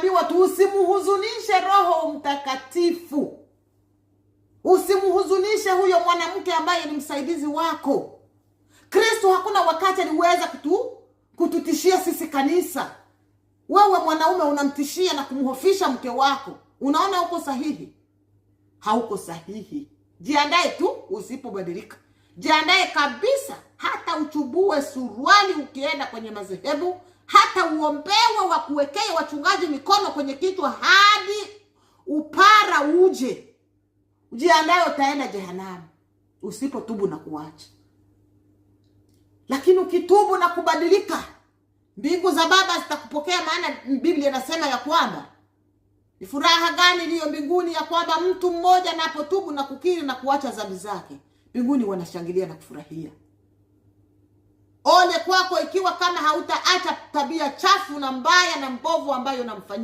tunaambiwa tu usimhuzunishe Roho Mtakatifu, usimhuzunishe huyo mwanamke ambaye ni msaidizi wako. Kristo hakuna wakati aliweza kutu, kututishia sisi kanisa. Wewe mwanaume unamtishia na kumhofisha mke wako, unaona uko sahihi? Hauko sahihi. jiandaye tu usipobadilika, jiandaye kabisa, hata uchubue suruali ukienda kwenye madhehebu hata uombewe wa kuwekea wachungaji mikono kwenye kichwa hadi upara uje. Ujiandaye utaenda jehanamu usipotubu na kuacha. Lakini ukitubu na kubadilika, mbingu za Baba zitakupokea. Maana Biblia inasema ya kwamba ni furaha gani iliyo mbinguni ya kwamba mtu mmoja anapotubu na kukiri na kuacha dhambi zake, mbinguni wanashangilia na kufurahia kwako ikiwa kama hautaacha tabia chafu na mbaya na mbovu ambayo unamfanyia.